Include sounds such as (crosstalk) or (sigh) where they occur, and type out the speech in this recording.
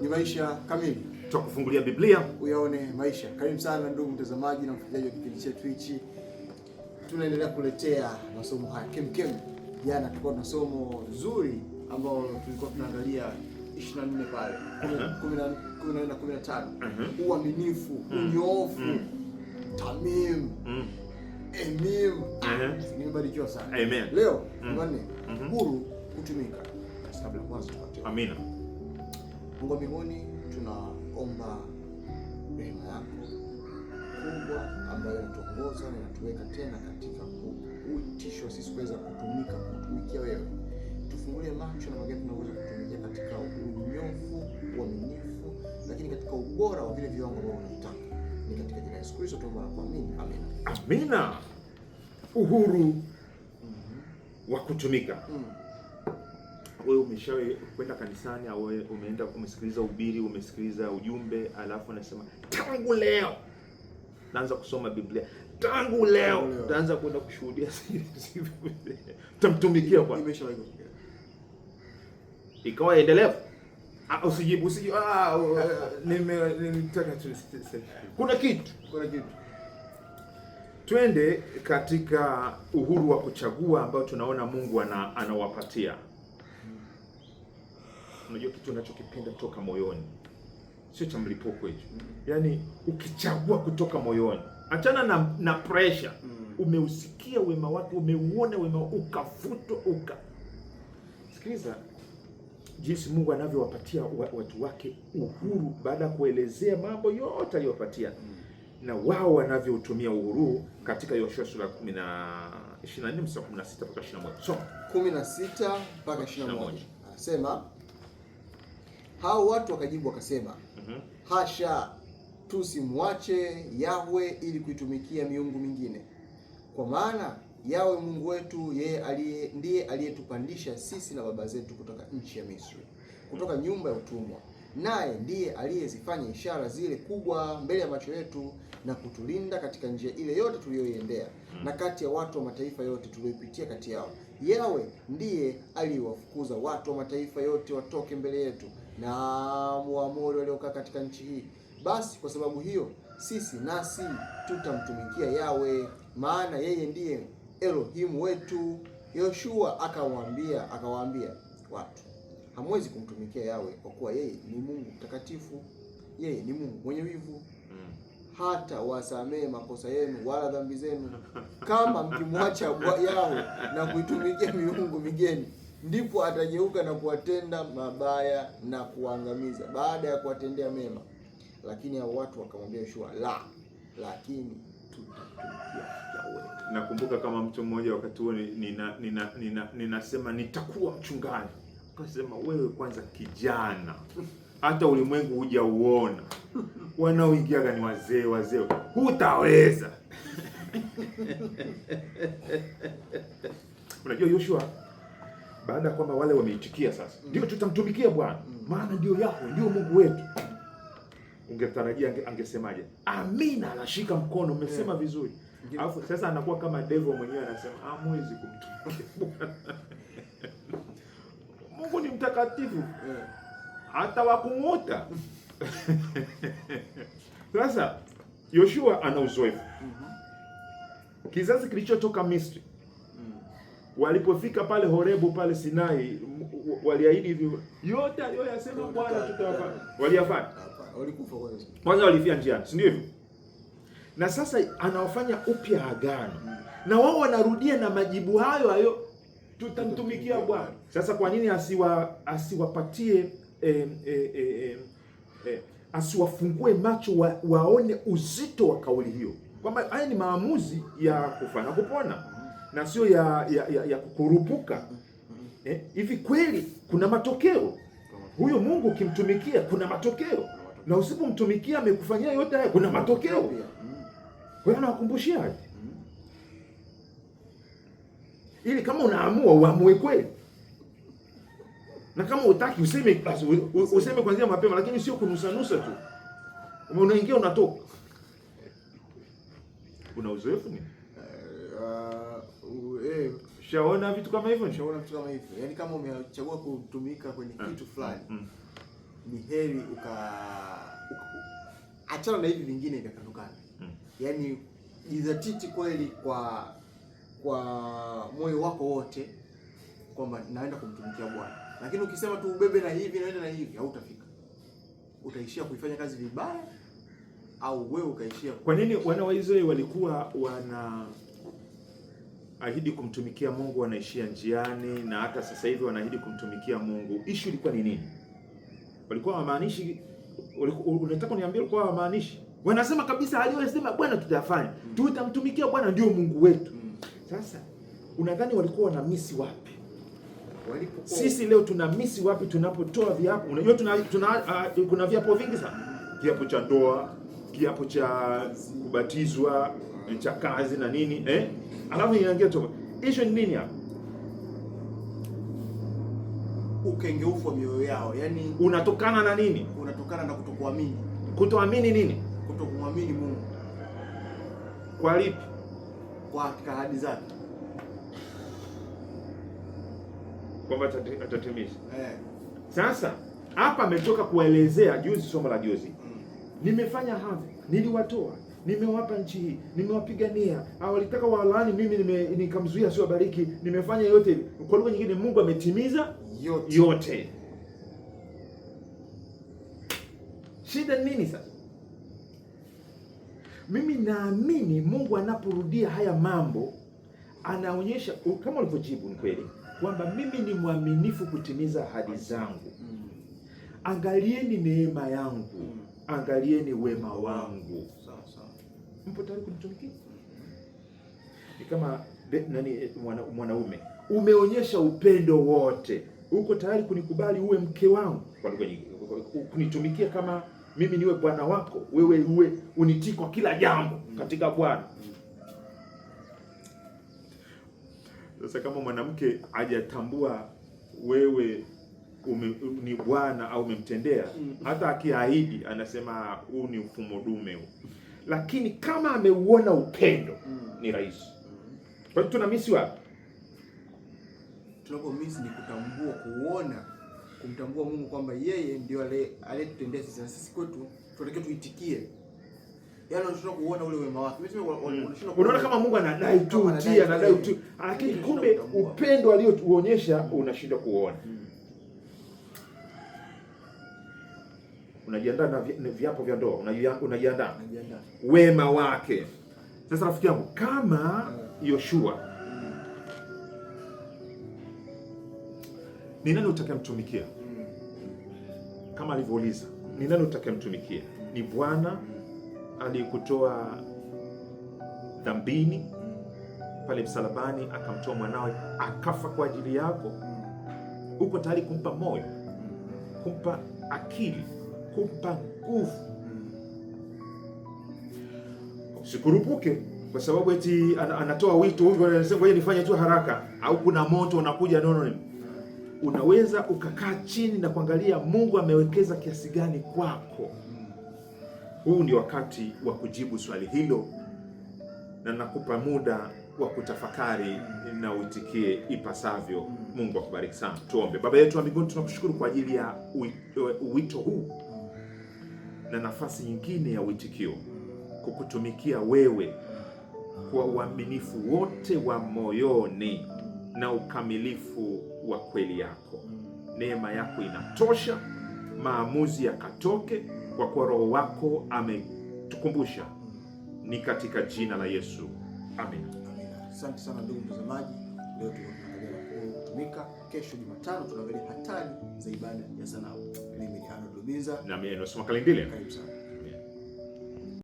ni maisha kamili. kufungulia Biblia uyaone maisha. Karibu sana ndugu mtazamaji na mfuatiliaji wa kipindi chetu hichi, tunaendelea kuletea masomo haya kemkem. Jana tulikuwa na somo zuri ambao tulikuwa tunaangalia 24 pale 14 na 15, uaminifu, mm. unyoofu, mm. tamim mm. Ah, nimebarikiwa sana. Leo Jumanne, mm-hmm. huru kutumika. Kabla kwanza kwanza, amina. Mungu wa mbinguni, tunaomba rehema yako kubwa ambayo inatuongoza na inatuweka tena katika kuitishwa sisi kuweza kutumika kutumikia wewe. Tufungulie macho na magari tunaweza kutumikia katika unyofu, uaminifu, lakini katika ubora wa vile viwango ambavyo unataka. Ni katika jina la Yesu Kristo tunaomba na kuamini, amina. Amina. Uhuru mm -hmm. wa kutumika mm wewe umeshawahi kwenda kanisani au umeenda umesikiliza ubiri, umesikiliza ujumbe, alafu unasema tangu leo naanza kusoma Biblia, tangu leo utaanza kwenda kushuhudia, utamtumikia kwa ikawa endelevu. Ah, usijibu, usijibu. Ah, ah, ah nitaka tu kuna kitu, kuna kitu. Twende katika uhuru wa kuchagua ambao tunaona Mungu ana, anawapatia unajua kitu unachokipenda kutoka moyoni, sio cha mlipuko hicho. Yaani ukichagua kutoka moyoni, achana na na pressure mm. Umeusikia wema wake, umeuona wema, ukafutwa uka sikiliza jinsi Mungu anavyowapatia watu wake uhuru baada ya kuelezea mambo yote aliyopatia mm. na wao wanavyotumia uhuru katika Yoshua sura ya 10 24 mstari 16 mpaka 21. Soma 16 mpaka 21. Anasema hao watu wakajibu wakasema, mm -hmm. Hasha, tusimwache Yahwe ili kuitumikia miungu mingine, kwa maana Yahwe Mungu wetu yeye aliye ndiye aliyetupandisha sisi na baba zetu kutoka nchi ya Misri, kutoka nyumba ya utumwa, naye ndiye aliyezifanya ishara zile kubwa mbele ya macho yetu na kutulinda katika njia ile yote tuliyoiendea mhm. na kati ya watu wa mataifa yote tuliyopitia kati yao. Yahwe ndiye aliyewafukuza watu wa mataifa yote watoke mbele yetu na Mwamori waliokaa katika nchi hii. Basi kwa sababu hiyo sisi nasi tutamtumikia Yawe, maana yeye ndiye Elohimu wetu. Yoshua akawaambia akawaambia watu, hamwezi kumtumikia Yawe kwa kuwa yeye ni Mungu mtakatifu, yeye ni Mungu mwenye wivu hata wasamehe makosa yenu wala dhambi zenu, kama mkimwacha Yahwe na kuitumikia miungu migeni ndipo atageuka na kuwatenda mabaya na kuangamiza baada ya kuwatendea mema. Lakini hao watu wakamwambia Yoshua, la, lakini tutatumikia. Nakumbuka kama mtu mmoja wakati huo ninasema nina, nina, nina nitakuwa mchungaji, akasema wewe kwanza kijana, hata ulimwengu hujauona, wanaoingiaga ni wazee wazee, hutaweza. (laughs) Unajua Yoshua baada ya kwamba wale wameitikia sasa, ndio mm. tutamtumikia Bwana mm. maana ndio yako, ndio Mungu wetu. Ungetarajia ange, angesemaje? Amina, anashika mkono, umesema yeah. vizuri Alafu sasa anakuwa kama devil mwenyewe anasema, hamwezi kumtumikia (laughs) Mungu ni mtakatifu yeah. hata wakung'uta (laughs) Sasa Yoshua ana uzoefu mm -hmm. kizazi kilichotoka Misri walipofika pale Horebu pale Sinai waliahidi hivyo, yote aliyoyasema Bwana tutawafanya. Waliyafanya? Walikufa kwanza. Kwanza walifia njiani, si ndio hivyo? Na sasa anawafanya upya agano, na wao wanarudia na majibu hayo hayo, tutamtumikia Bwana. Sasa kwa nini asiwa asiwapatie eh, eh, eh, eh, asiwafungue macho wa, waone uzito wa kauli hiyo kwamba haya ni maamuzi ya kufa na kupona na sio ya, ya, ya, ya kukurupuka mm-hmm. eh, hivi kweli kuna matokeo. Huyo Mungu ukimtumikia kuna matokeo, na usipomtumikia amekufanyia yote haya kuna matokeo. Mm. hiyo anawakumbushiaje mm. ili kama unaamua uamue kweli na kama utaki useme, basi useme kwanzia mapema, lakini sio kunusanusa tu. Unaingia unatoka. Una uzoefu nini? Eh, uh, Eh, eh, shaona vitu kama hivyo, shaona vitu kama hivyo. Yaani kama umechagua kutumika kwenye mm. kitu mm, fulani mm. ni heri uka, uka achana na hivi vingine vikatokana mm. yaani jizatiti kweli kwa kwa moyo wako wote kwamba naenda kumtumikia Bwana, lakini ukisema tu ubebe na hivi naenda na hivi, hautafika utaishia kuifanya kazi vibaya, au wewe ukaishia. Kwa nini wana wa Israeli walikuwa wana ahidi kumtumikia Mungu wanaishia njiani, na hata sasa hivi wanaahidi kumtumikia Mungu. Ishu ilikuwa ni nini? Walikuwa wamaanishi, unataka kuniambia walikuwa wamaanishi? Wanasema kabisa, aliyosema Bwana tutafanya, mm. tutamtumikia Bwana ndio Mungu wetu. mm. Sasa unadhani walikuwa wana misi wapi? Walipokuwa... sisi leo tuna misi wapi tunapotoa viapo? Unajua tuna, tuna, uh, kuna viapo vingi sana, kiapo cha ndoa kiapo cha kubatizwa eh, cha kazi na nini eh? Alafu inaingia toba. Hicho ni nini hapo? Ukengeufu wa mioyo yao, yani unatokana na nini? Unatokana na kutokuamini. Kutoamini nini? Kutokumwamini Mungu. Kwa lipi? Kwa ahadi zake kwamba atatimiza eh. Sasa hapa ametoka kuelezea juzi, somo la juzi nimefanya hapa, niliwatoa, nimewapa nchi hii, nimewapigania. Walitaka walaani mimi, nime, nikamzuia siwabariki, nimefanya yote. Kwa lugha nyingine, Mungu ametimiza yote, yote. Shida nini sasa? Mimi naamini Mungu anaporudia haya mambo anaonyesha kama ulivyojibu, ni kweli kwamba mimi ni mwaminifu kutimiza ahadi zangu. Mm. Angalieni neema yangu angalieni wema wangu. Mpo tayari kunitumikia? Ni kama nani, mwanaume umeonyesha upendo wote, uko tayari kunikubali uwe mke wangu, kunitumikia kama mimi niwe bwana wako, wewe uwe unitii kwa kila jambo katika Bwana. Sasa kama mwanamke hajatambua wewe ume, ni Bwana au umemtendea. Mm. Hata akiahidi anasema huu ni mfumo dume huu, lakini kama ameuona upendo mm. ni rahisi. Kwa hiyo misi wapi? Tunapomisi ni kutambua, kuona, kumtambua Mungu kwamba yeye ndio aliyetutendea sisi na sisi kwetu tunatakiwa tuitikie. Yaani unashindwa kuona ule wema wake. Mm. Unaona kama Mungu anadai tu, anadai tu, lakini kumbe upendo aliouonyesha unashindwa kuona. unajiandaa na viapo vya ndoa, unajiandaa wema wake. Sasa rafiki yangu, kama mm. Yoshua mm. ni nani utakayemtumikia? Mm. Kama alivyouliza ni nani utakayemtumikia? Ni Bwana aliyekutoa dhambini pale msalabani, akamtoa mwanawe akafa kwa ajili yako. Uko tayari kumpa moyo, kumpa akili kukupa nguvu. Hmm. Sikurupuke kwa sababu eti anatoa wito huyu, anasema ngoja nifanye tu haraka, au kuna moto unakuja. No, no, unaweza ukakaa chini na kuangalia Mungu amewekeza kiasi gani kwako. Huu ni wakati wa kujibu swali hilo, na nakupa muda wa kutafakari na uitikie ipasavyo. Hmm. Mungu akubariki sana. Tuombe. Baba yetu wa mbinguni, tunakushukuru kwa ajili ya wito huu na nafasi nyingine ya uitikio kukutumikia wewe kwa uaminifu wote wa moyoni na ukamilifu wa kweli yako. Neema yako inatosha, maamuzi yakatoke, kwa kuwa Roho wako ametukumbusha. Ni katika jina la Yesu, amen. Asante sana ndugu mtazamaji kutumika. Kesho Jumatano tunaangalia hatari za ibada ya sanamu. Mimi ni Hano Dumiza na mimi ni Osman Kalindile. Karibu sana.